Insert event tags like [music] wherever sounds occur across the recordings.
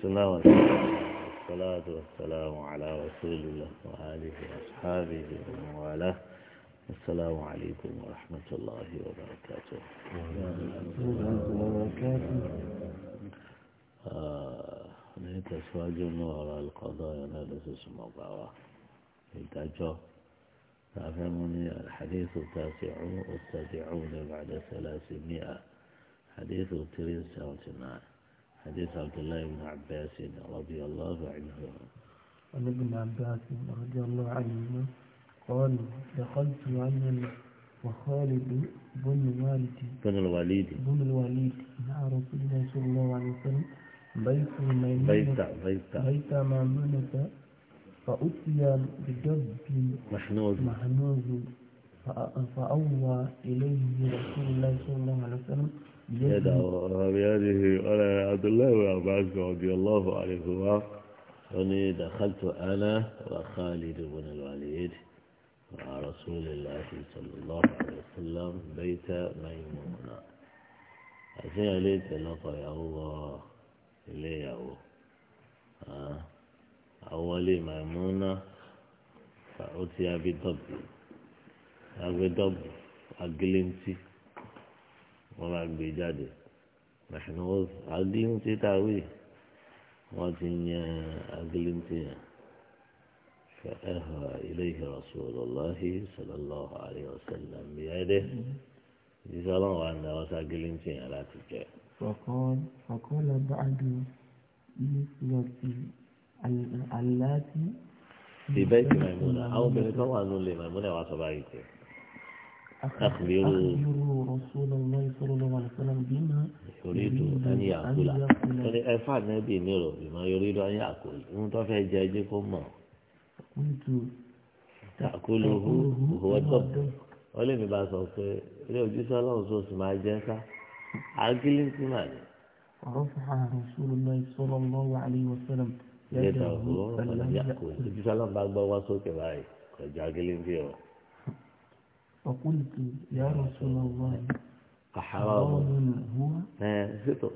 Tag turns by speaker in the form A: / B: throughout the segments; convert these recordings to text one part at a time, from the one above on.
A: بسم والصلاة والسلام على رسول الله وآله وأصحابه ومن السلام عليكم ورحمة الله وبركاته آه، نيت نتسواج نور القضاء نالس اسم الله التجو تعلمني الحديث التاسع والتاسعون بعد ثلاثمائة حديث التريس 379 حديث عبد الله بن عباس رضي الله عنه عن ابن عباس رضي الله عنه قال دخلت عن وخالد بن والد بن الوليد بن الوليد مع رسول الله صلى الله عليه وسلم بيت ميمونة بيت بيت بيت ميمونة فأتي بدب محنوز محنوز فأوى إليه رسول الله صلى الله عليه وسلم بيده أنا عبد الله بن عباس رضي الله عنهما أني دخلت أنا وخالد بن الوليد مع رسول الله صلى الله عليه وسلم بيت ميمونة أسير عليك لطا يا الله إليه يا الله أولي ميمونة فأتي بدب أبي دب أقلنتي wọ́n máa gbé jáde mahmoud agilimti tàwí wọ́n ti yan agilimti yẹn fẹ́ẹ́hà iléyìí rasulillahi sallallahu alayhi wa sallam bíyẹ́dẹ́ jíjọ́ ọlọ́run wa ní ọ̀sán agilimti yẹn láti jẹ́. فقال بعد نسوة اللاتي في بيت ميمونة أو بيت طبعا نقول لميمونة وعصبائك أخبروا رسول الله صلى الله عليه وسلم بما يريد أن يأكل ẹ̀fà nẹ́bì nírò بما يريد أن يأكل ohun tó fẹ́ jẹ ẹjẹ́ kó mọ̀ tàkùlù hùwọ́tọ̀ wọ́n lè mi bá sọ pé ilé òjíṣẹ́ ọlọ́run tó sì máa jẹ́ sá àgílí sí màá ní. رفع رسول الله صلى الله عليه وسلم يده فلم يأكل òjíṣẹ́ ọlọ́run bá gbọ́ wá sókè báyìí kọjá فقلت يا رسول الله حرام هو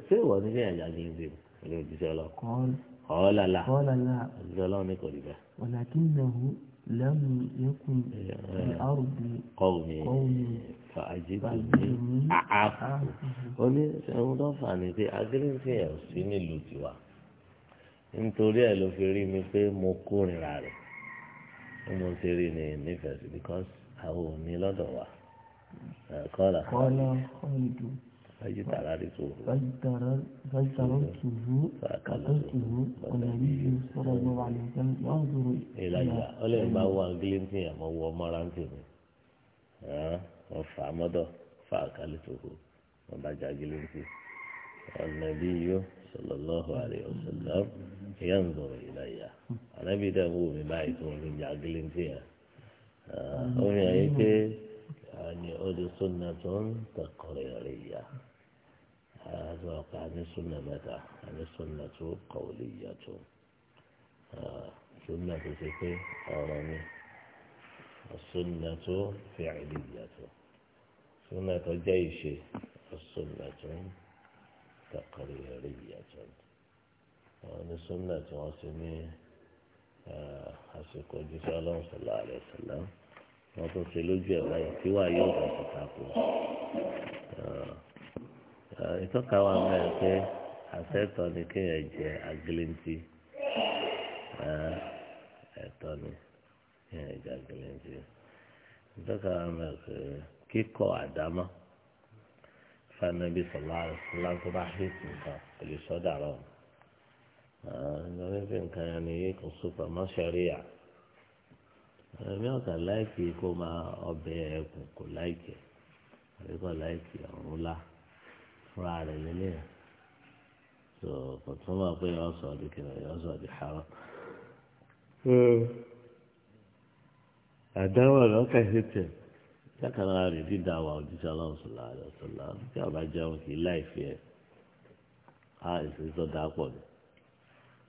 A: ṣé wọ́n ní bẹ́ẹ̀ yà ní ibi ní òjíṣẹ́ ọlọ́ ọ̀ọ́lá la òjíṣẹ́ ọlọ́ ní kò rí bẹ́ẹ̀. ولكنه لم يكن في أرض قومي فأجدني أعفو ó ní ẹ̀hún tó fà ní pé agírísì ẹ̀ ò sí nílùú tiwa nítorí ẹ̀ ló fi rí mi pé mo kórìíra rẹ̀ mo ń ṣe rí ni nífẹ̀ẹ́ sí because àwọn ò ní lọ́dọ̀ wa kọ́lá kọ́lá kọ́lìdù fajitara rituhu fajitara tuhu kàtàkùhu ọ̀nàbí yìí sọ̀rọ̀ gbọ́ wà ní sẹ́mi wọ́n dúró. ìlàjà ọlẹ́yìn bá wà gílé ní àmọ́ wọ mọ́ra ń tèmi ọ̀fà mọ́dọ̀ fà kálítuhu wọ́n bá jà gílé ní ọ̀nàbí yìí sọ̀rọ̀ lọ́hùn àrẹ ọ̀sẹ̀ lọ́hùn ìyá ń dọ̀rọ̀ ìlàjà ọ̀nàbí dẹ̀ ń wò báyìí tó ń jà gílé ní orin ayé pé àní ọdún súnà tó ń tẹkọrẹ rẹ yá àti ọkọ àní súnà mẹ́ta àní súnà tó kọwọlé yá tó súnà tó ṣe pé ọ̀rọ̀ ni súnà tó fìrìlì yá tó súnà tó jẹ ìṣe súnà tó ń tẹkọrẹ rẹ yá tó àwọn súnà tí wọn ṣe Eh, àsìkò ojúṣe ọlọ́run sọ̀lá àlẹ́ sọ̀lá wọn tó ṣe lójú ẹ̀ báyìí tí wàá yóò bá ti takò. Eh, ìtọ́ka wa ń bẹ̀rẹ̀ pé àṣẹ́tọ̀ ni kéèyàn jẹ agilintí ẹ̀tọ́ ni kéèyàn jẹ agilintí. Eh, ìtọ́ka wa ń bẹ̀rẹ̀ pé kíkọ́ àdámọ́ fanabi sọ̀lá àlẹ́ sọ̀lá tó bá hìtì nǹkan kò lè sọ́dà rọrùn. nítorí nǹkan yẹn ni kò sópa mọ́ sẹ́ríà ẹ̀mí ọ̀kà láìkì kó máa ọbẹ̀ ẹ̀kùn kò láìkì àbí láìkì ọ̀run lá fúnra rẹ̀ lélẹ̀ tó kò tún mọ̀ pé yọ sọ̀ di na yọ sọ̀ di xarọ́. àdáwọ̀ tẹ̀ rẹ̀ dídá wa òjíṣẹ́ sọ̀lá kì í láì fi ẹ̀ á ìṣèjọ́ pọ̀ ni.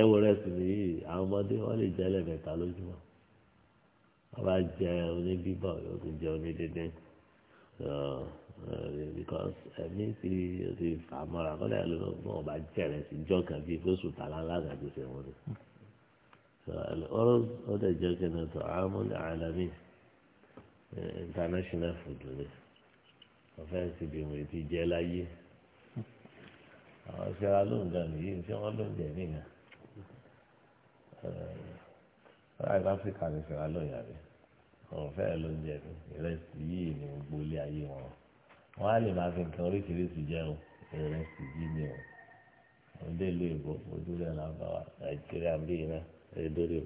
A: ẹwọ rẹ sì nìyí àwọn ọmọdé wọn lè jẹ ẹlẹ́mẹ̀ta lójúmọ́ wọn bá jẹ oníbíbọ yóò tún jẹ onídéédé because ẹ̀mí ti ti fà mọ́ra kọ́lá ẹlòmíràn wọn bá jẹ rẹ sí jọ kan bíi fóṣù tààlà ńláńlá ti ṣe wọn ni ọ̀rọ̀ ọdẹ jẹ kẹne tó àmúl àlámì international food ni ọfẹ ti bí wọn ti jẹ láyé àwọn ṣẹlá lóun gan nìyí ṣé wọn lóun nìyẹn. Eh, South Africa ní Sierra Leone àbí wọn fẹ́ ló ń jẹ ìrẹsì yìí gbogbo ilé ayé wọn wọn á lè máa fi nǹkan oríṣiríṣi jẹ o ìrẹsì yìí ni o wọn ìlú èbó ojú rẹ bá wa Nàìjíríà yìí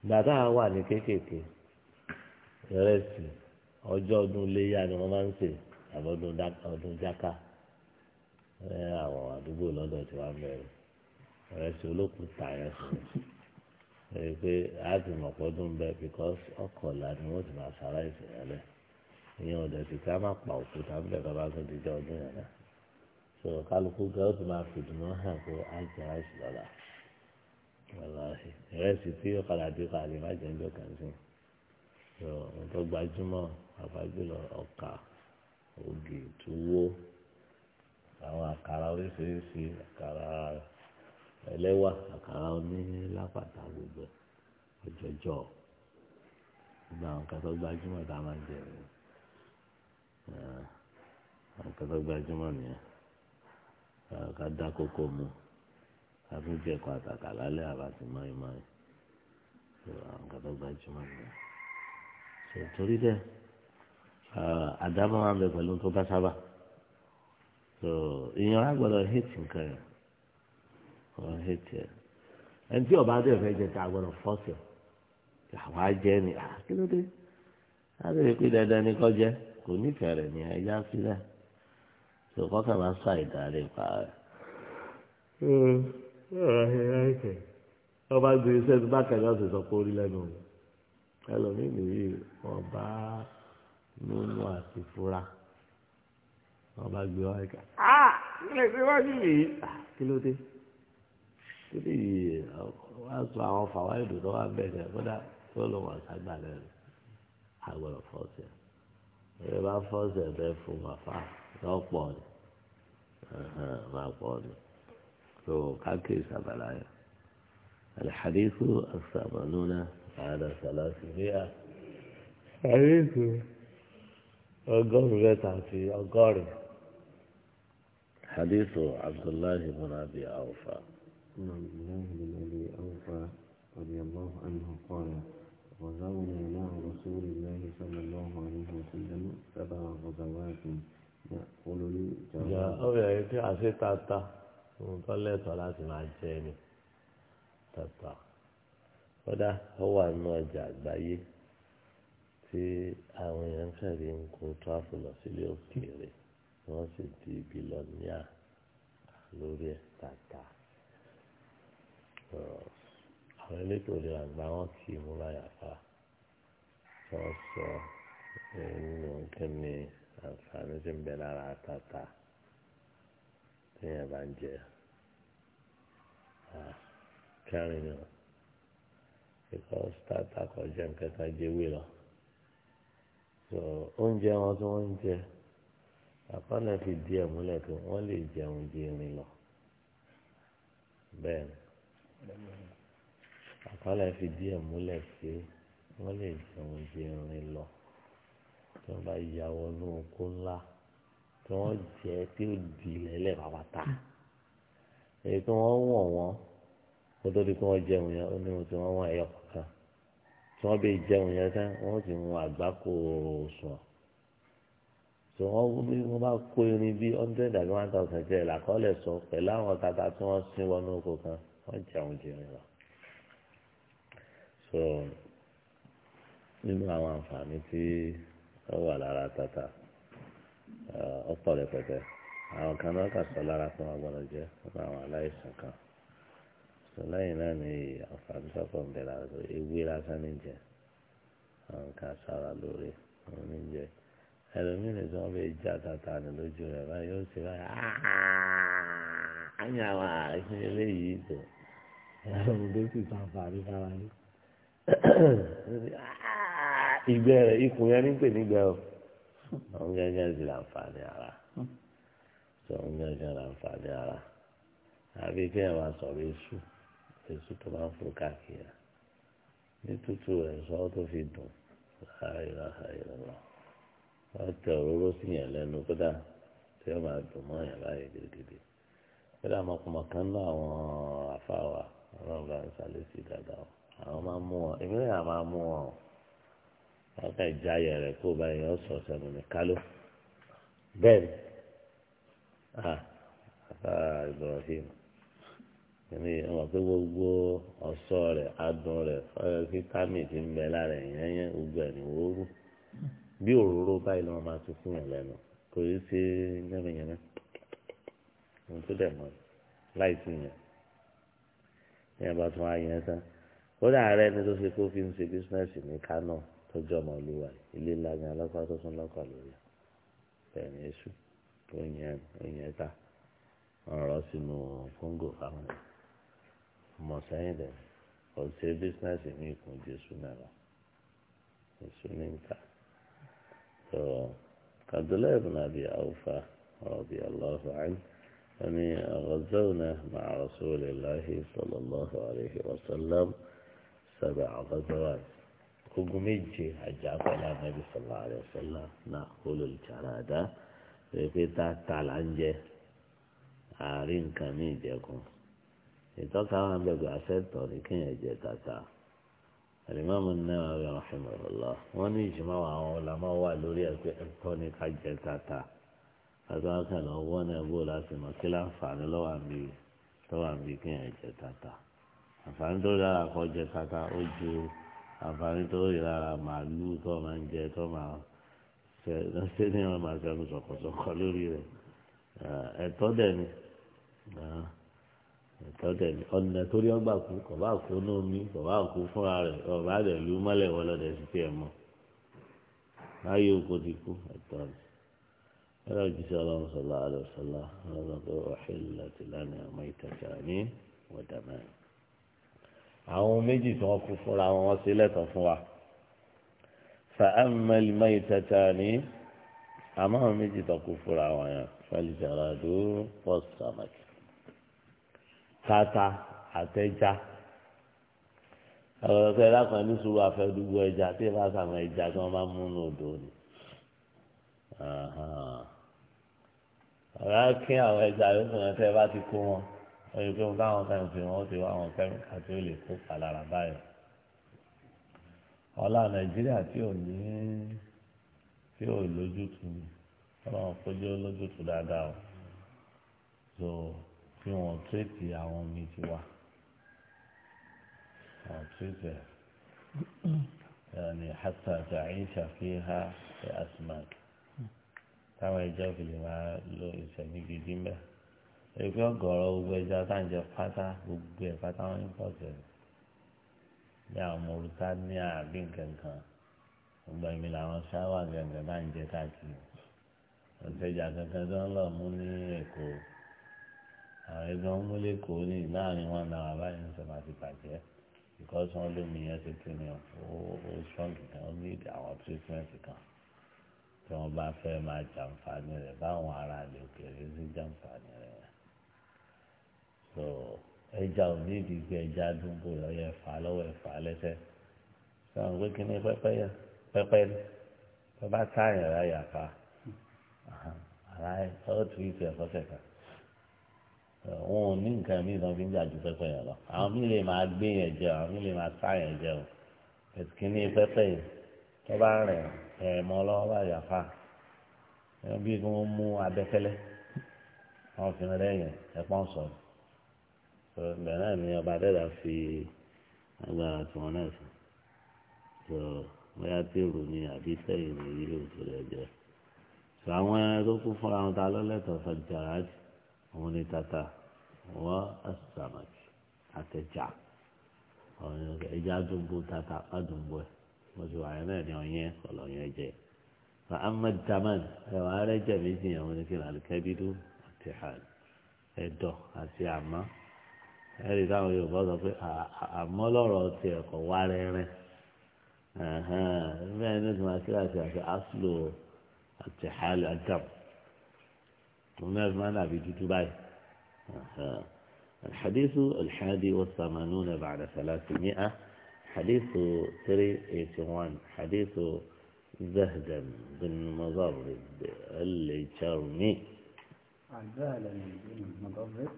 A: ìgbà tá a wà ní kéékèèké ìrẹsì ọdún ni wọ́n máa ń sè àbọ̀dún jáká àwọn àdúgbò tí ìrẹsì olókùúta yẹn sùn ẹ pé láti mọ̀ pọ́dún bẹ́ẹ̀ because ọkọ̀ọ̀la ni wọ́n ti máa sára ìsìnlẹ̀ ìyẹn ò dẹ̀sí ká má pa òkúta ń bàbá tó ti jẹ́ ọdún yẹn náà so kálukú gan ó ti máa fìdùnnú hàn pé á jẹ ráìsì lọ́la ìrẹsì tí ọ̀kadà bí kọ́ àlè má jẹ́ ń jọ kàn sí so ohun tó gbajúmọ̀ àgbájúlọ ọkà ògì túwó àwọn àkàrà oríṣiríṣi àkàrà ẹlẹ́wà àkàrà oní lápàtà gbogbo ọjọjọ gbogbo àwọn kan tó gbajúmọ̀ tá a máa ń jẹ rẹ àwọn kan tó gbajúmọ̀ nìyẹn ká dá kókó mu ká tún jẹ ẹ̀kọ́ àtàkà lálẹ́ àbàtì mọ́ìmọ́ì àwọn kan tó gbajúmọ̀ nìyẹn torí dẹ àdámọ́ wa ń bẹ pẹ̀lú tó bá sábà ìyẹn á gbọ́dọ̀ hẹ́tì nǹkan yẹn wọn hẹ tiẹ ẹni tí ọba adé fẹ́ jẹ tá ah, a gbọ́dọ̀ fọsẹ àwọn ajẹ ni àkínúdé adé pé dandan ni kọ jẹ kò nífẹ̀ẹ́ rẹ ní ẹja sílẹ̀ tó kọkà máa sọ àìdáre pa rẹ. Hmm. ọba gbé iṣẹ́ tó bá kẹ̀lé ọ̀sẹ̀ sọ pé orí lẹ́nu ẹlòmíì nìyí wọn bá nínú àti fúra wọn gbé wáyé ká. ah ilé ìfẹ́ wájú mi kí ló dé kíni wàá sọ àwọn fàwáì dùnú wa bẹ̀rẹ̀ kódà tó ló wà ságbà lẹ́nu àgbọ̀rọ̀ fọ́ọ̀sẹ̀ ẹ bá fọ́ọ̀sẹ̀ bẹ́ẹ̀ fún wàfà lọ́pọ̀ ni máa pọ̀ ni tó káàkiri sábàlá yẹn الحديث الثمانون بعد ثلاثمائة حديث أقرب تعطي أقارب حديث عبد الله بن أبي أوفى عن عبد الله بن أبي أوفى رضي الله عنه قال غزونا مع رسول الله صلى الله عليه وسلم سبع غزوات نأكل الجواب يا أبي أنت عسيت أتا وطلعت ولا سمع الجاني تتا وده هو الموجع بعيد tí àwọn èèyàn kàrí ń kó tráfù lọ sílé òkèèrè wọ́n sì di bílọ̀níà lórí ẹ̀ tààtàà àwọn elétò ìlera àgbà wọn kì í múra yàfa tó sọ nínú nǹkan ní àǹfààní tí ń bẹ lára àtàtà téèyàn bá ń jẹ ah, kẹrin ni ọ because tata kọjá nǹkan tá a jẹ wé lọ so oúnjẹ wọn tí wọn ń jẹ àpáná fi díẹ̀ múlẹ̀ pé wọn lè jẹun jẹrin lọ bẹ́ẹ̀ ni àkọọ́lẹ̀ fìdí ẹ̀ múlẹ̀ pé wọ́n lè jẹun di irin lọ tí wọ́n bá ya wọnú oko ńlá tí wọ́n jẹ́ tí ó di lẹ́lẹ̀ pàpàtà èyí tí wọ́n wọ̀n wọ́n kó tó di pé wọ́n jẹun yẹn ó ní ohun tí wọ́n wọ̀n ẹ̀yọ̀ kọ̀ọ̀kan tí wọ́n bẹ jẹun yẹn tán wọ́n ti mú àgbákò sùn tí wọ́n bí wọ́n bá kó irin bíi hundred and one thousand jẹ́ ìlàkọ́lẹ̀ sọ pẹ̀lú àwọn tata tí wọ́n sin wọnú oko kan wọ́n jẹun jẹrin lọ. so nínú àwọn àǹfààní tí wọ́n wà lára tata ọ̀pọ̀ rẹpẹtẹ àwọn kan náà kà sọ lára fún agbọ́dọ̀ jẹ́ fún àwọn aláìsàn kan lẹ́yìn náà ni àǹfààní sọ́kọ̀ ń bẹ̀rẹ̀ àti ewé lásán ní jẹ àwọn kan sára lórí àwọn oníjẹ ẹlòmíì lè sọ bẹ já tata ní lójú rẹ báyìí ó sì báyìí ányà wà ẹsìn eléyìí tó ẹlòmíì tó sì sàǹfààní sára ní. ìgbẹ́ rẹ̀ ikùn yẹn ní pè nígbẹ́ o àwọn gẹ́gẹ́ sì láǹfààní ara sọ àwọn gẹ́gẹ́ láǹfààní ara àbí kí ẹ máa sọ̀rọ̀ èṣù èṣù tó máa ń fò káàkiri ní tútù sọ́ tó fi dùn láàrin láàrin lọ́wọ́ wọ́n tẹ òróró sí yàn lẹ́nu kódà tí wọ́n máa dùn mọ́ yàn láàyè gidigidi kódà ọmọkùnmọ̀ kan náà àwọn afáwà ọlọ́run bá ń sálẹ̀ sí dáadáa àwọn máa mú wọn èmi náà máa mú wọn wọ́n kà ayẹ rẹ̀ kó báyìí wọ́n sọ sẹ́nu ní káló bẹ́ẹ̀ ni àfà Ibrahim èmi ọmọ pé gbogbo ọ̀ṣọ́ rẹ̀ adùn rẹ̀ fọ́yọ́ sí támì ti ń bẹ lára ẹ̀yẹ́yẹ́ gbogbo ẹ̀ ní wọ́ọ́rù bí òróró báyìí lọ́wọ́ máa ti fún yàn lẹ́nu kò yí sí yánmẹ́yánmẹ́ ohun tó dẹ̀ mọ́ láì yàn yẹn bá tún wáá yẹn tán kódà ààrẹ ni tó ṣe kó fi ń ṣe bísínẹ́sì ní Kánò tó jọ ọmọ olúwa ilé ńlá ni ọlọ́pàá tó tún lọ́kọ̀ lórí bẹ̀rẹ̀ èṣù tó yẹn yẹn ta ọ̀rọ̀ sínú kóńgò fáwọn ọmọ sẹ́yìn dẹ̀ kò ṣe bísínẹ́sì ní ìkùn jésù náà èṣù ní ń عبد الله بن أبي أوفى رضي الله عنه أني غزونا مع رسول الله صلى الله عليه وسلم سبع غزوات كوكوميجي أجاب على النبي صلى الله عليه وسلم نأكل الجرادة ويقول تعالى àárín nǹkan ní ìjẹkùn ìtọ́ka wọn bẹ̀rù àṣẹ tọ̀ ní kéèyàn alimami Nawawi rahimahullah wọn ní ìjùmọ̀ àwọn ọ̀làmọ́ wà lórí ẹgbẹ́ ẹ̀tọ́ ní ká jẹ tata agbáka lọ wọ́n náà bó láti mọ̀ kí láǹfààní lọ́wọ́ àmì lọ́wọ́ àmì kí ẹ̀ jẹ tata àǹfààní tó dára kọ́ jẹ tata ó ju àǹfààní tó rí lára màálù tó máa ń jẹ tó máa ṣe lọ́sẹ̀ ní wọn máa ẹnu sọ̀kọ̀sọ̀kọ̀ lórí rẹ̀ ẹ̀tọ́ dẹ̀ tọ́tẹ̀ ní ọ̀nà torí ọgbà kú kọ̀bá kú ní omi kọ̀bá kú fúnra rẹ̀ ọ̀bá rẹ̀ ló mọ́lẹ̀ wọ́n lọ́dẹ̀ sí tiẹ̀ mọ́ láyé oko ti kú ẹ̀tọ́ ni ẹ̀rọ jíṣẹ́ ọlọ́run sọ̀lá àlọ́sọ̀lá ọlọ́run pé ọ̀hìn láti lánàá àmọ́ ìtajà ní wọ̀dàmẹ́rin. àwọn méjì tí wọ́n kú fúnra wọn wọ́n ṣe lẹ́tọ̀ọ́ fún wa fàámẹ́lì mọ́ ìtajà ní àmọ́ àwọn méjì tó kú tata àtẹjá ọ̀rọ̀ ọ̀sẹ̀ lápá ní sùúrù àfẹ́dúgbò ẹja tí ìbá sàmọ̀ ẹja tí wọ́n bá mú ní odò ni ọ̀rọ̀ kí àwọn ẹja yóò fún ẹsẹ̀ bá ti kó wọn oye pé wọn káwọn kan fi wọn ti wá àwọn kẹ́míkà tí ó lè kó palára báyọ̀ ọlá nàìjíríà tí ò ní tí ò lójútu ọlọ́run kójú lójútu dáadáa o so tí wọ́n tírètì àwọn omi ti wà wọ́n tírètì yàní hasa ta'isha fiha ẹ̀ asmak táwọn ẹja fi lè máa lo ìsẹ̀mí gidi mẹ́ ẹgbẹ́ ọ̀gọ̀rọ̀ gbogbo ẹja táǹjẹ pátá gbogbo ẹ̀ pátá wọn ń pọ̀ sí ní àwọn Mauritania àbí nǹkan kan gbogbo ẹ̀mí làwọn ṣáwà gàngàn náà ń jẹ káàkiri ọ̀sẹ̀ ìjà kankan tó ń lọ mú ní Èkó àwọn ẹgbẹ́ wọn múlẹ̀ kó ní láàrin wọn náà àbáyé ń sọ̀rọ̀ àti bàjẹ́ because wọn lómi yẹn ṣe kí ni ó strong kan ó ní àwọn treatment kan tí wọn bá fẹ́ máa jàǹfààní rẹ̀ báwọn ará lè kéré sí jàǹfààní rẹ̀ so ẹja ò ní ìdígbé ẹja dúnbò ọyọ ẹfà lọ́wọ́ ẹfà lẹ́sẹ̀ sọ̀rọ̀ pé kí ni pẹ́pẹ́ yẹn pẹ́pẹ́ ni táyà rẹ̀ yàfa ara ẹ̀ ọ́ tù í ti ẹ̀fọ́ wọn ò ní nǹkan míì tán fi ń jà ju pẹ́pẹ́ yẹn lọ àwọn míì lè máa gbé yẹn jẹ àwọn míì lè máa sá yẹn jẹ o kìíní pẹ́pẹ́ yìí tó bá rìn ẹ̀ẹ̀mọ́ lọ́wọ́ bá yà fa bí kí wọ́n mú abẹ́fẹ́lẹ́ wọn fi rẹ́ yẹn ẹ̀pọ́n sọ̀rọ̀ bẹ́ẹ̀ náà ni ọba adẹ́dà fi agbára tí wọ́n náà sùn tó bóyá tí èrò ni àbí sẹ́yìn ni yìí ò tó lè jẹ́ tó àwọn ẹran tó kú fúnra wọn ta lọ́lẹ́tọ̀ọ́ fẹ́ jàrá jù òun ni tata wọ́n àṣàmàkì àtẹ̀jà ẹja dùnbò tata adùnbò ẹ̀ mo ti wà yẹn náà ní ọ̀yẹ́ ọ̀lọ́yẹ́ ẹ̀jẹ̀ fa ama daman ẹ wà ara ẹ̀jẹ̀ méjì yẹn wọ́n ni kí n alikẹ́bídú àti ẹ̀dọ̀ àti àmọ́ ẹ̀rí táwọn Yorùbá sọ pé àmọ́ lọ́rọ̀ ti ẹ̀kọ́ wá rẹ́rẹ́ bẹ́ẹ̀ ni tí wọ́n kíláàsì àti aslo àti hàlẹ́ àdàbò. tòun ما نبي dàbí dúdú الحديث الحادي والثمانون بعد ثلاثمائة حديث ايتوان حديث زهدا بن مضرب الجرمي عن زهدا بن مضرب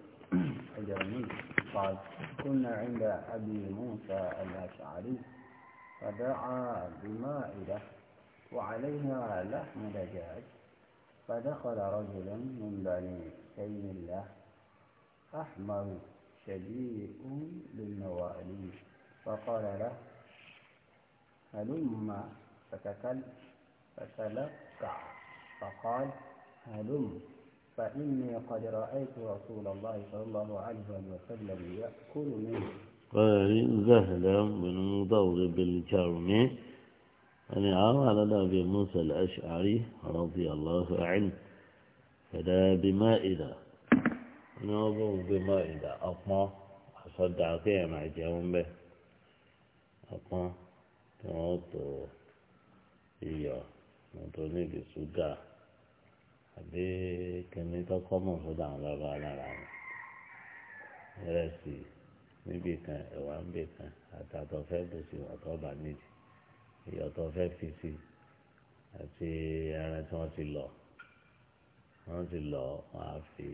A: الجرمي قال كنا عند أبي موسى الأشعري فدعا بمائدة وعليها لحم دجاج فدخل رجل من بني تيم الله أحمر شبيء بالمواليد فقال له هلم فتكل فتلقع فقال هلم فإني قد رأيت رسول الله صلى الله عليه وسلم يأكل منه قال زهلا من مضرب الجرم أن عرى لنا أبي موسى الأشعري رضي الله عنه فدا إذا بمائدة نوضو إذا أطمع أصدع فيها مع جنبه أطمع تنوضو إياه نوضوني بسودة أبي كمي تقوم صدع لبا لبا رأسي نبي كان وعن بي كان أتعطى فيه بسي وعطى بعد نيجي ìyọ̀tọ̀ fẹ́ fi sí àti ẹran tí wọ́n ti lọ wọ́n ti lọ wọ́n á fi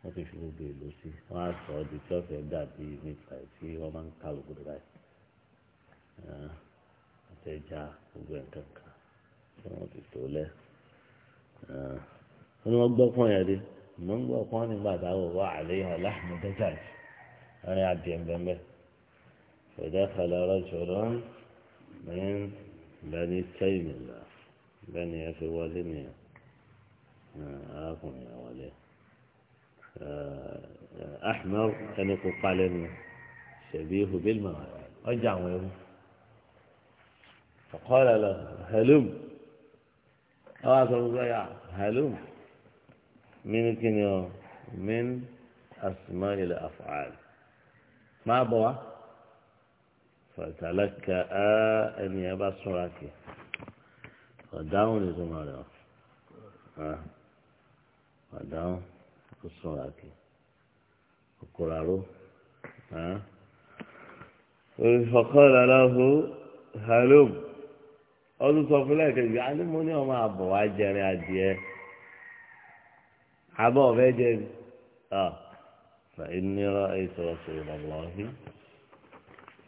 A: wọ́n ti fi gbogbo èlò sí wọ́n á sọ ọ́ di tí ọ̀fẹ́ dàbí mítà tí wọ́n máa ń ká lóko báyìí àtẹ̀já gbogbo nǹkan kan tí wọ́n ti tó lẹ́ wọ́n ní wọ́n gbọ́ pọ́n yẹn dé ń gbọ́ pọ́n nígbà táwọn wà àléyìn aláàmúdẹ́jà yìí wọ́n ní adìẹ ń bẹ́ẹ̀ bẹ́ẹ̀ fẹ̀dẹ́ fẹ̀lẹ́ ọlọ́jọ́ lọ́rùn. من بني تيم الله بني في والدنيا أكون يا والد آه، أحمر كان قلم شبيه بالمغارب رجع ويوم فقال له هلم أواصل يا هلم من كنيا من أسماء الأفعال ما بوا fàtàlákà á ẹni ẹ bá súnra kì ọ̀dáhùn ní súnmọ́ rẹ̀ ọ̀ ọ̀dáhùn ó súnra kì òkúraró ọ̀kọ́ra lọ́hù halom ọdún sọ fún lẹ́ẹ̀kejì alímú ọmọ àbọ̀ wá jẹrin adìẹ abọ́ ọ̀fẹ́ jẹrin ọ̀ fà ìnira ìṣòro ṣòro lọ́wọ́ yìí.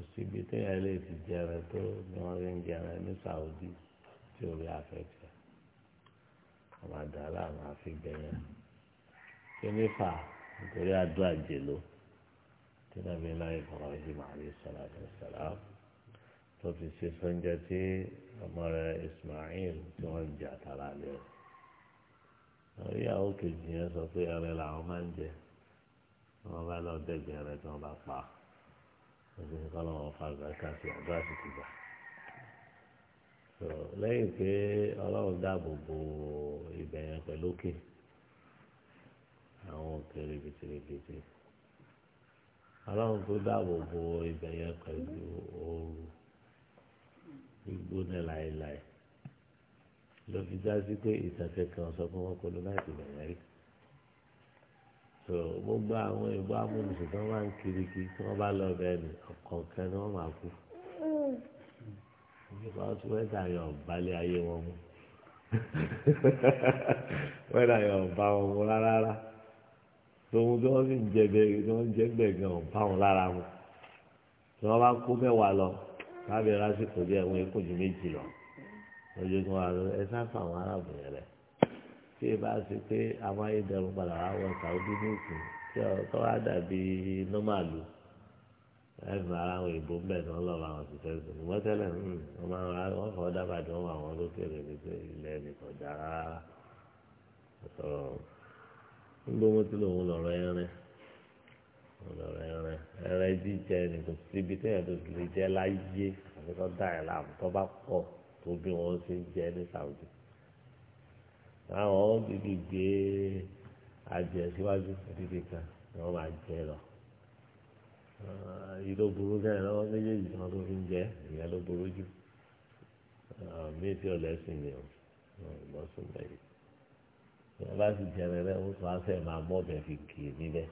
A: kò síbi téèyàn lè ti jẹrẹ tó ní wọn rí ń jẹrẹ ní Saudi tí orí afẹ́fẹ́ àwọn àdàlà àwọn àfigbẹ̀yẹ kí ní fà nítorí àdúrà jèlò tí nàbí láyé kọ̀ọ̀kan yìí máa rí sọ̀rọ̀ àti sọ̀rọ̀ tó fi ṣe sọ́njẹ́ tí ọmọ rẹ̀ Ismail tí wọ́n ń jà tara lé o. ìyàwó kejì yẹn sọ pé ẹrẹ làwọn máa ń jẹ wọ́n bá lọ dẹ́gbẹ̀ẹ́ tí wọ́n bá pa á ẹ̀sìn nǹkan lọ́wọ́ fa àgbàkà sí àdúrà sì ti gbà. lẹ́yìn pé ọlọ́run dáàbò bo ibẹ̀ yẹn pẹ̀lú òkè àwọn òkè rìbìtìrìbìtì ọlọ́run tó dáàbò bo ibẹ̀ yẹn pẹ̀lú ooru gbígbóná láéláé ló fi dá sí pé ìtàn kẹkẹ ọ̀sán fún wọn kọlu láti bẹ̀rẹ̀ rí so gbogbo àwọn ìbò amúnisìn tó máa ń kiri kí tí wọ́n bá lọ bẹ́ẹ̀ ni ọ̀kọ̀ọ̀kan ni wọ́n máa kú nípa tí wẹ́dà yọ balẹ̀ ayé wọn mu [laughs] wẹ́dà yọ bá wọn mu rárá tòun tí wọ́n sì ń jẹ bẹ́ẹ̀ tí wọ́n ń jẹ gbẹ̀gàn bá wọn lára mu tí wọ́n bá kó mẹ́wàá lọ lábẹ́ lásìkò díẹ̀ wọ́n kò ju méjì lọ lójú tí wọ́n á lọ ẹ sáfà àwọn arábìnrin rẹ̀ tí ì bá ṣe pé àwọn ayédèrú padà wá wọ sàwùdí ní ìsìn tí ọ̀tọ́ wá dàbí nọ́màlù ẹ̀sìn ara àwọn ìbò ń bẹ̀ náà lọ́wọ́ àwọn òṣìṣẹ́ ìsìn ìwọ́n tẹ́lẹ̀ hmm, wọ́n máa ń wọ́n fọ́ dábàá tí wọ́n wà wọ́n lókèrè ní pé ilẹ̀ nìkan jà rárá sọ̀rọ̀ nígbà wọn ti lòun lọ̀rọ̀ ẹrin lọ̀rọ̀ ẹrin ẹrin jíjẹ ni kò síbi tẹ́yẹ̀ tó ti lè jẹ́ láyé àti tó dá ẹ̀ láàmú tó bá pọ̀ tó bí wọ́n ṣe jẹ ní sàwùjì àwọn ó dìdì gbé àjẹ síwájú dìdì kan ni wọ́n máa jẹ lọ èyí ló burú náà lọ́wọ́ méjèèjì tí wọ́n tó fi ń jẹ ìyẹn ló burú jù mí tí ọ̀lẹ́sìn ni o lọ́sùn lẹ́yìn wọ́n bá ti jẹrẹ rẹ wọ́n fà á fẹ́ máa mọ́ ọbẹ̀ fi kì í e níbẹ̀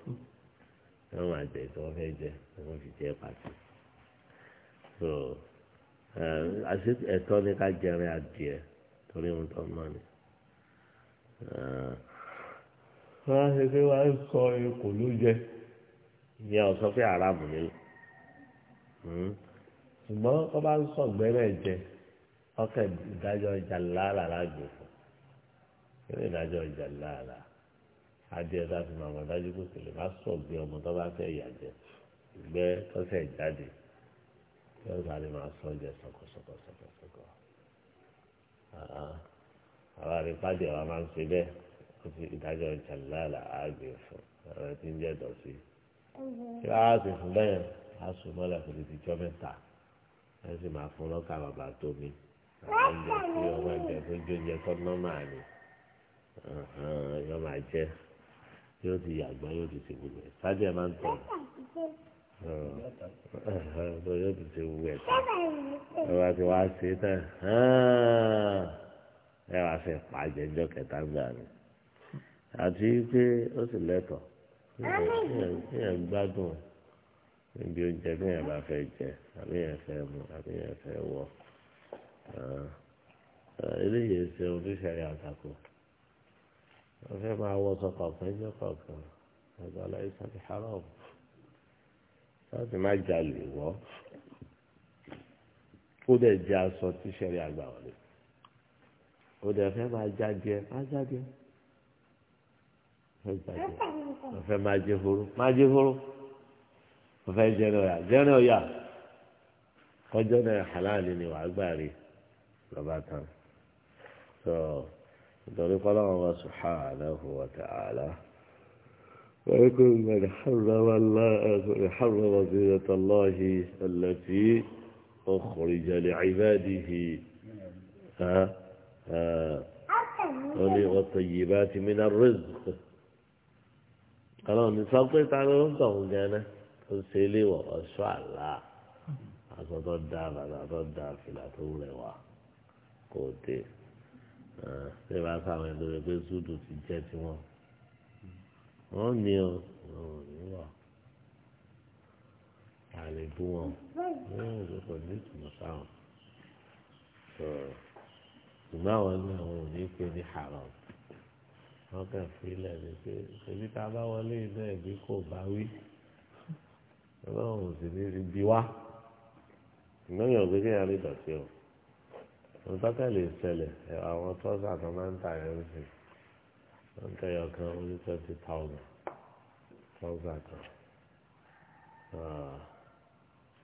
A: wọ́n máa jẹ tí wọ́n fẹ́ jẹ wọ́n fi jẹ pàtó so ẹ̀tọ́ ni ká jẹrẹ adìẹ torí ohun tó ń ni wọ́n á ṣe pé wọ́n á sọ ikùn ló jẹ ìyá ọ̀sán pé aráàmù ni hmm. ṣùgbọ́n wọ́n bá ń sọ gbẹ́rẹ́ jẹ ọkẹ́ ìdájọ́ ìjà lára lágbo fún ìdájọ́ ìjà lára adìẹ láti máa mọ̀ dájú kó sì lè má sọ gbé ọmọ tó bá fẹ́ yà jẹ ìgbẹ́ tọ́sẹ̀ jáde yóò sáré máa sọ jẹ sọkọsọkọsọkọsọkọ àwọn àrípàdé wa máa ń ṣe bẹ́ẹ̀ kó fi ìdájọ́ ìjàlálà àgbè fún ọ̀rọ̀ tí ń jẹ́ dọ̀tí. kí wàá sì fún bẹ́ẹ̀ á sùn mọ́lẹ̀ kò tètè jọ mẹ́ta ẹ sì máa fún lọ́kà bàbá tó mi àwọn oúnjẹ tí ọmọ ẹgbẹ́ tó jóúnjẹ tó nọ́mà ni yóò máa jẹ yóò ti yàgbọ́n yóò ti ṣe gbogbo ẹ̀ sájẹ́ máa ń tọ̀ yóò ti ṣe gbogbo tán ẹ ti wá ṣe tán ẹ wá fẹ́ pàjẹ́ ńjọ́ kẹta ń gbà mí àti pé ó sì lẹ́tọ̀ọ́ kí ẹ gbádùn níbi oúnjẹ bí ẹ bá fẹ́ jẹ àbí ẹ fẹ́ mu àbí ẹ fẹ́ wọ eléyìí ṣe oníṣẹ́rí àtakò wọ́n fẹ́ máa wọ sọ kọ̀ọ̀kan ẹjọ́ kọ̀ọ̀kan aláìsàn ti haram láti má jalè wọ́ kó dẹ̀ jẹ́ aṣọ tíṣẹ́rí àgbà wọlé. ó dẹ̀ fẹ́ máa jáde ẹ má jáde ẹ ó fẹ́ máa jẹ horo má jẹ horo ó fẹ́ jẹrẹ ọ̀yà jẹrẹ ọ̀yà ọjọ́ náà halali ni wàá gbà rí lọ́ba tán tó nítorí kọ́lá wọn bá subhanahu wa ta'ala. ويكون من حرم الله حرم زينة الله التي أخرج لعباده ها ó ní ọ̀tọ̀ yìí bá ti mí náà rẹ́zùkú ọlọ́run ní sọ pé ta ló ń tọ̀ ń gẹ́nẹ́ tó ṣe é léwọ̀ ọ̀ṣọ́ àlá aṣọ tó da bàtà tó da fìlà tó rẹwà kò dé ṣé bá sáwọn ẹni tó rẹ pé súdù ti jẹ́ tiwọn wọ́n ní ọ ọ̀hún níwà àlè bú wọn wọ́n ò lọ́kọ̀ ní ìtumọ̀ sáwọn ṣùgbọ́n ní àwọn ò ní ní haram wọ́n kàn fílẹ̀ ní pé ṣèbí tá a bá wọlé iná ẹ̀mí kò bá wí ọlọ́run sì ní fi wá ṣùgbọ́n yóò gbé kéèyàn lè o òun tọ́kẹ́ lè ṣẹlẹ̀ àwọn tọ́sà tó máa ń tà yẹn sí wọ́n tẹ̀yọ̀ kan ó twenty thousand tọ́sà kan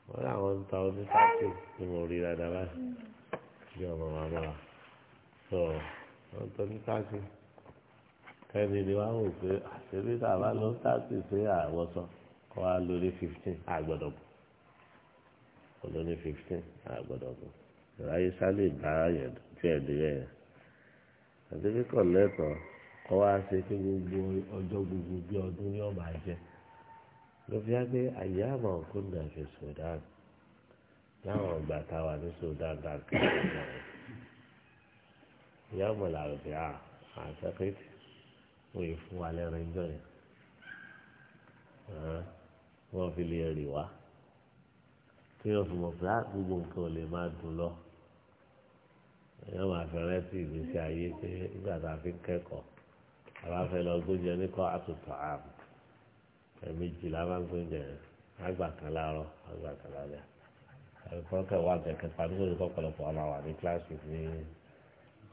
A: wọ́n ní àwọn ń ta oní thirty ni mo rí dáadáa báyìí bí ọmọ màmá sọ wọn tó ní káàsì kẹ́ni ni wọ́n á wò pé àṣírí tàbá ló ń tàbí sí àwọ̀sán kọ́ wa lórí fifteen àgbọ̀dọ̀ bù olórí fifteen àgbọ̀dọ̀ bù ìráyé sálẹ̀ ìbára yẹn tí ẹ̀ dé yẹn àti kíkọ̀ lẹ́tọ̀ọ́ kọ́ wa ṣe kí gbogbo ọjọ́ gbogbo bí ọdún ní ọ̀bà jẹ́ lọ́fíà pé àyè àmọ̀ kó nà Sudan láwọn ìgbà táwa ní Sudan dáńkà ọ̀gbọ̀n. Ya ọ̀gbọ̀n làrò pé à àtẹ́kẹ́tì wọ́n yìí fún wa lẹ́nu ẹjọ́ yẹn wọ́n fi lè rì wá tí wọ́n fi mọ̀ pé á gbogbo nǹkan ò lè máa dùn lọ èèyàn máa fi rántí ìgbésí ayé pé nígbà tá a fi ń kẹ́kọ̀ọ́ a bá fẹ́ lọ gbóúnjẹ ní kọ́ àtúntò ààbò ẹ̀ẹ̀mejì la máa ń gbóúnjẹ àgbà kan láàárọ̀ àgbà kan lálẹ́ ẹ̀kọ́ kẹwàá bẹ̀kẹ́ pàdé kó lè kọ́ pọ̀lọpọ̀ ọmọ wà ní kíláàsì ní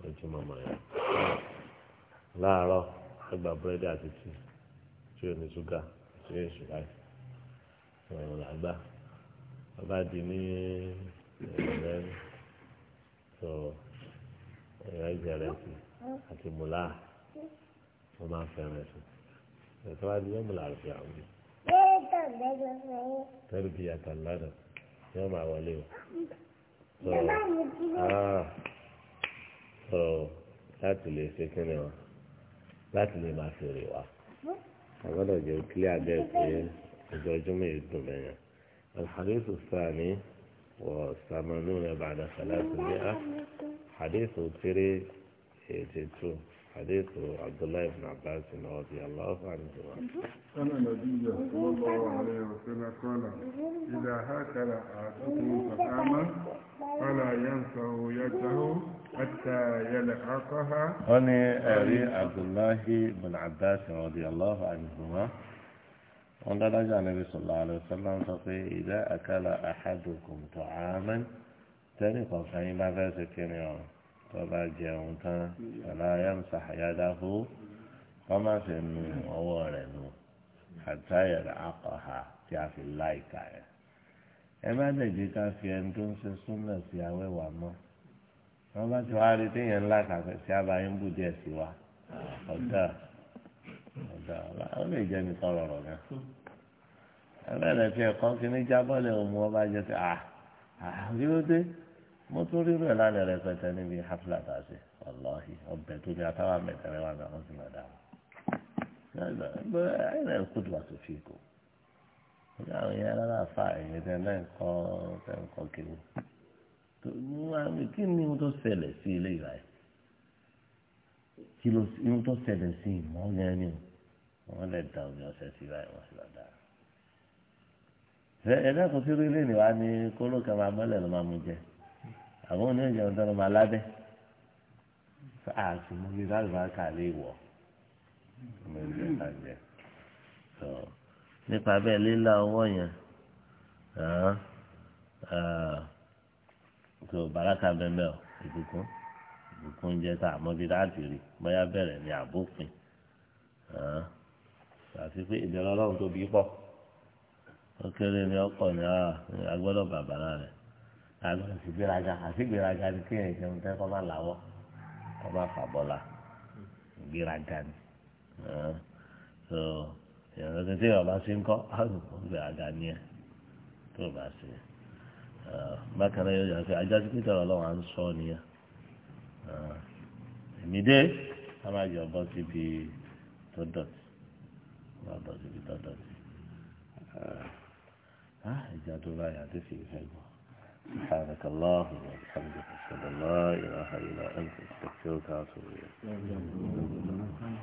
A: lójúmọmọ ya? láàárọ̀ ẹgbà búrẹ́dì àti tíì tí ò ní ṣúgà tí ò ṣúgà ọ̀rọ̀ làgbà ọba di ní ẹ̀rẹ́ tó ẹ̀rẹ́ jẹ̀rẹ́ sí àti mùlá wọ́n máa fẹ́ràn sí ẹ̀tọ́ wa di yọ́mùlá àti àwọn yìí. tẹ́lifíyàtà ládàá yọ́mù àwọlé o sọ láti lè ṣe kí ni wọn láti lè máa fèrè wá àgbọ́dọ̀ jẹ́ kílẹ̀ abẹ́ pé ọjọ́ jùmọ̀ yìí dùn lẹ́yìn الحديث الثاني والثمانون بعد ثلاثمائة حديث تري 82 حديث عبد الله بن عباس رضي الله عنه أن النبي صلى الله عليه وسلم قال إذا هكذا أعطته فقاما فلا ينفع يده حتى يلحقها هنا أري عبد الله بن عباس رضي الله عنهما وقد رجع النبي صلى الله عليه وسلم فقال إذا أكل أحدكم طعاما تاني قال فإن ما فاسك يوم tó bá jẹun tán aláyàmsà àyádáfó wọ́n má ṣe nu ọwọ́ rẹ̀ nù àtàyẹ̀rẹ̀ akọ̀hà tí a fi láìka rẹ̀. ẹ má dẹ̀jẹ̀ ká fi ẹni tó ń ṣe súnmọ̀ sí awẹ́wà mọ́ wọ́n bá ti wá rí téèyàn ńlá kàfẹ́ sí abayín bù díẹ̀ sí wa ọ̀dà ọ̀dà ó lè jẹ́ mi tọrọ ọ̀rọ̀ náà. ẹ bẹ̀rẹ̀ fi ẹ̀kọ́ kí ní jábọ́lẹ̀ òun ọba jẹ́ ti à àbí ó dé mo tún rí rẹ̀ lálẹ́ rẹpẹtẹ níbi hafla tàṣe wàláhi ọbẹ̀ tó ní atáwà mẹ́tẹ̀rẹ́ wà náà wọ́n ti máa dáhùn. ẹ̀rọ ìkúdù wà tó fi kù ní àwọn yẹn rárá fa ẹ̀yìn tẹ̀ náà kọ́ tẹ̀ ń kọ́ kiri. kí ni mo tó ṣẹlẹ̀ sí ilé ìlà yìí? kí ló ní mo tó ṣẹlẹ̀ sí ìmọ̀ yẹn ni o? wọ́n lè da omi ọ̀sẹ̀ sí ìlà ìwọ̀n sí lọ́dà. ẹ̀dá kan sí orílẹ̀-èdè wa ni kóló kan máa mọ́lẹ̀ ló máa mú jẹ́ àwọn oníjẹ ọ̀dọ́rọ̀ máa lábẹ́ àti mo rí lálùbáríkà lè wọ̀ mo rí lálùbáríkà lè wọ̀ nípa bẹ́ẹ̀ lílá ọwọ́ yẹn tó bàrákà bẹ́ẹ̀ o ìbùkún ìbùkún jẹ́ tá àmọ́ bí láti rí bóyá bẹ̀rẹ̀ ní àbófin àti pé ìbẹ̀rẹ̀ ọlọ́run tó bí pọ̀ ó kéré ní ọkọ̀ ní àgbọ́dọ̀ bàbá rẹ̀ àgbọn ìgbéraga àti ìgbéraga ni kí ẹ̀yìn jẹun tẹ́ kọ́ máa làwọ́ kọ́ máa fàbọ́là ìgbéraga ni so ìrìn tó tẹ́yọ̀ bá ṣe ń kọ́ àlùkò ìgbéraga ni ẹ̀ tó bá ṣe bákan náà yóò yàrá pé ajá sí pété ọlọ́run à ń sọ nìyẹn èmi dé a máa yọ bọ́ síbi tó dọ̀tí wọ́n bọ́ síbi tó dọ̀tí ìjà tó báyà tó fi gbọ́. سبحانك الله وبحمدك أشهد أن لا إله إلا أنت أستغفرك وأتوب إليك